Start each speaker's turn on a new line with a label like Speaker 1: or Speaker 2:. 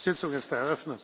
Speaker 1: sitzung ist eröffnet.